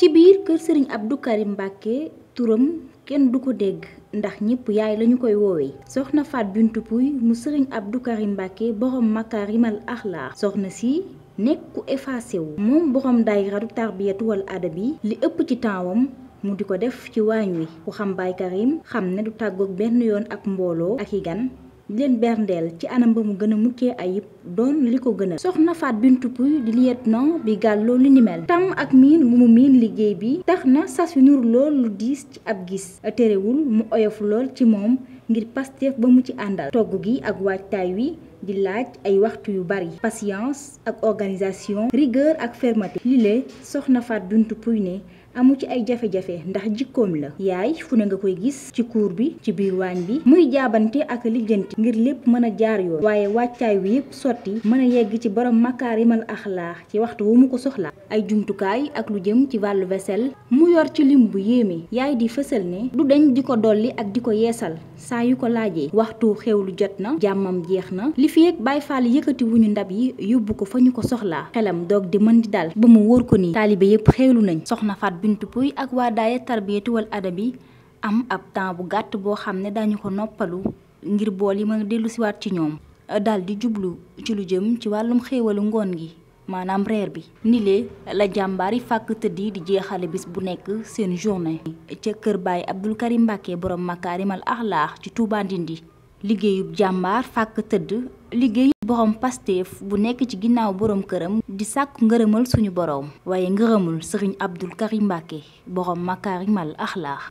ci biir kër sëriñ Abdou Karim Mbacke turam kenn du ko dégg ndax ñëpp yaay lañu koy woowee soxna Faat Bintou Pouy mu sëriñ Abdou Karim Mbacke borom makaarimal axlaax soxna si nekk ku effacé wu moom borom daayiratu tarbiyatu wal adabi li ëpp ci taawam mu di ko def ci waañ wi ku xam Baye Karim xam ne du tàggoog benn yoon ak mbooloo ak i gan leen berndeel ci anam ba mu gën a muccee ayib doon li ko gën a soxna Faat Bintu Puy di lieutenant bi gàlloo li ni mel tam ak miin mu mu miin liggéey bi tax na sas yu nur lool lu diis ci ab gis terewul mu oyofu lool ci moom ngir Pastef ba mu ci àndal togg gi ak waajtaay wi di laaj ay waxtu yu bari patience ak organisation rigueur ak fermeté lile soxna Fatou Binetou Pouye ne amu ci ay jafe-jafe ndax jikkoom la yaay fu ne nga koy gis ci cour bi ci biir waañ bi muy jaabante ak lijjanti ngir lépp mën a jaar yoon waaye wàccaay wi yépp sotti mën a yegg ci borom makaarimal axlaax ci waxtu wu mu ko soxla ay jumtukaay ak lu jëm ci wàllu vaisselle mu yor ci lim bu yéeme yaay di fësal ne du deñ di ko dolli ak di ko yeesal saa yu ko laajee waxtu xewlu jot na jàmmam jeex na fii ak Baay Faal yëkkati wuñu ndab yi yóbbu ko fa ñu ko soxlaa xelam doog di mën di dal ba mu wóor ko ni taalibe yépp xeelu nañ soxna Faat Bintu Puy ak waa daaya tarbiyatu wal adabi am ab temps bu gàtt boo xam ne dañu ko noppalu ngir bool yi ma a dellusiwaat ci ñoom dal di jublu ci lu jëm ci wàllum xéewalu ngoon gi maanaam reer bi ni la jàmbaar yi fàkk tëdd di jeexale bis bu nekk seen journée ca kër baay Abdul Karim Mbàkke borom makaarimal axlaax ci Tuubaa Ndindi liggéeyub jàmbaar fàkk tëdd liggéeyub borom Pastef bu nekk ci ginnaaw borom këram di sàkku ngërëmal suñu boroom waaye ngërëmul sëriñ Abdou Karim Mbàkke borom makaarimal axlaax